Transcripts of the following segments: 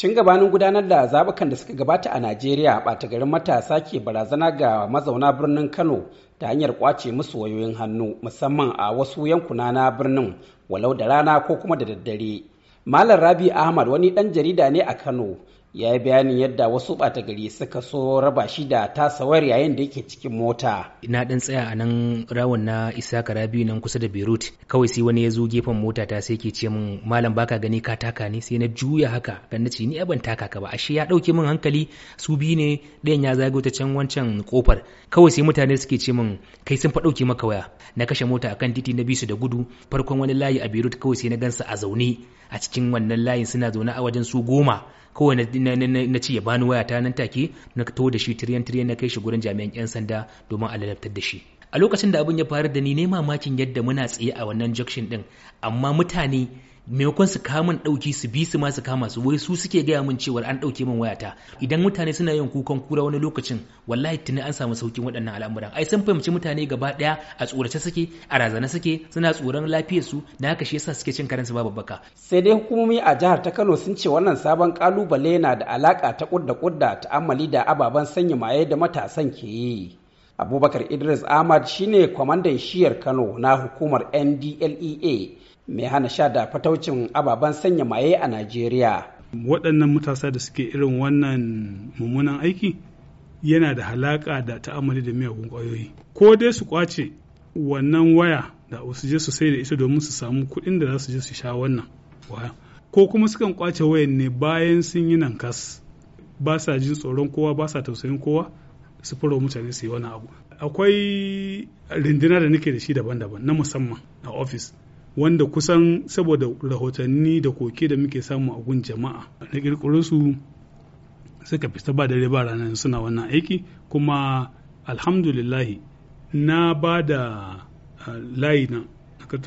Tun gabanin gudanar da zabukan da suka gabata a Najeriya ɓata garin matasa ke barazana ga mazauna birnin Kano ta hanyar kwace musu wayoyin hannu musamman a wasu yankuna na birnin walau da rana ko kuma da daddare. Malam Rabi Ahmad wani ɗan jarida ne a Kano ya yi bayanin yadda wasu ɓata gari suka so raba shi da tasawar yayin da yake cikin mota. Na ɗan tsaya a nan rawun na isa kara biyu nan kusa da Beirut kawai sai wani ya zo gefen mota ta sai ke ce min malam baka gani ka taka ne sai na juya haka kan ce ni ban taka ka ba ashe ya ɗauke min hankali su biyu ne ɗayan ya zago ta can wancan kofar kawai sai mutane suke ce min kai sun fa ɗauke maka waya na kashe mota akan titi na bi su da gudu farkon wani layi a Beirut kawai sai na gansa a zaune a cikin wannan layin suna zaune a wajen su goma kawai na ci ya bani waya ta nan take na to da shi tiryan tiryan na kai shi gurin jami'an 'yan sanda domin a ladabtar da shi a lokacin da abin ya faru da ni ne mamakin yadda muna tsaye a wannan junction din amma mutane maimakon su kamun ɗauki su bi su ma su kama su wai su suke gaya min cewa an ɗauke min wayata idan mutane suna yin kukan kura wani lokacin wallahi tuni an samu saukin waɗannan al'amuran ai sun fahimci mutane gaba ɗaya a tsorace suke a razana suke suna tsoron lafiyar su na haka shi yasa suke cin karen su babu baka sai dai hukumomi a jihar ta Kano sun ce wannan sabon kalubale yana da alaka ta kudda kudda ta'ammali da ababen sanya maye da matasan ke yi abubakar idris ahmad shine kwamandan shiyar kano na hukumar ndlea mai hana sha da fataucin ababen sanya maye a najeriya waɗannan matasa da suke irin wannan mummunan aiki yana da halaƙa da ta'amali da miyagun ƙwayoyi ko dai su kwace wannan waya da su je su sai da ita domin su samu kuɗin da za su je su sha wannan waya ko kuma sukan kwace wayan ne bayan sun yi nan kas ba sa jin tsoron kowa ba sa tausayin kowa su fara mutane su yi wani abu akwai rindina da nake da shi daban-daban na musamman a ofis wanda kusan saboda rahotanni da koke da muke samu a gun jama'a na kirkiro su suka fita ba dare ba ranar suna wannan aiki kuma alhamdulillahi na ba da eh, layi na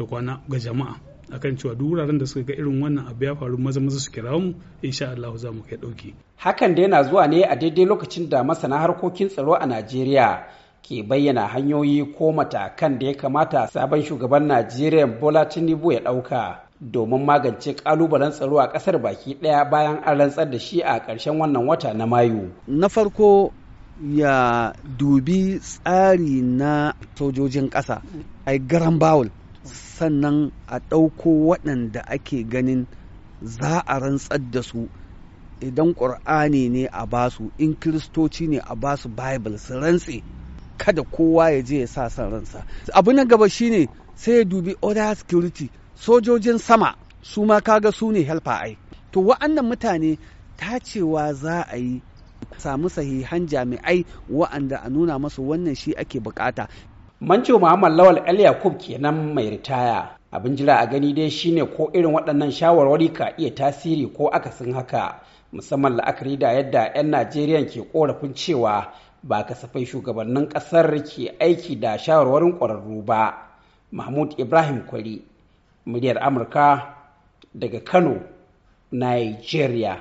kwana ga jama'a akan cewa duk wuraren da suka ga irin wannan abu ya faru maza maza su kira mu insha Allah za mu kai dauki hakan da yana zuwa ne a daidai lokacin da masana harkokin tsaro a Najeriya ke bayyana hanyoyi ko matakan da ya kamata sabon shugaban Najeriya Bola Tinubu ya dauka domin magance kalubalen tsaro a kasar baki daya bayan an rantsar da shi a ƙarshen wannan wata na Mayu na farko ya dubi tsari na sojojin ƙasa ai garan bawul sannan a ɗauko waɗanda ake ganin za a rantsar da su idan ƙur'ani ne a basu in kiristoci ne a basu bible su rantse kada kowa ya je ya sa san ransa abu na gaba shine sai ya dubi order security sojojin sama su ma kaga su ne helper ai to wa'annan mutane ta cewa za a yi samu sahihan jami'ai wa'anda a nuna masu wannan shi ake bukata manjo muhammad lawal el yakub kenan mai ritaya abin jira a gani dai shine ko irin waɗannan shawarwari ka iya tasiri ko aka akasin haka musamman la'akari da yadda 'yan najeriya ke korafin cewa ba kasafai shugabannin ƙasar ke aiki da shawarwarin ƙwararru ba mahmud ibrahim kwari muryar amurka daga kano nigeria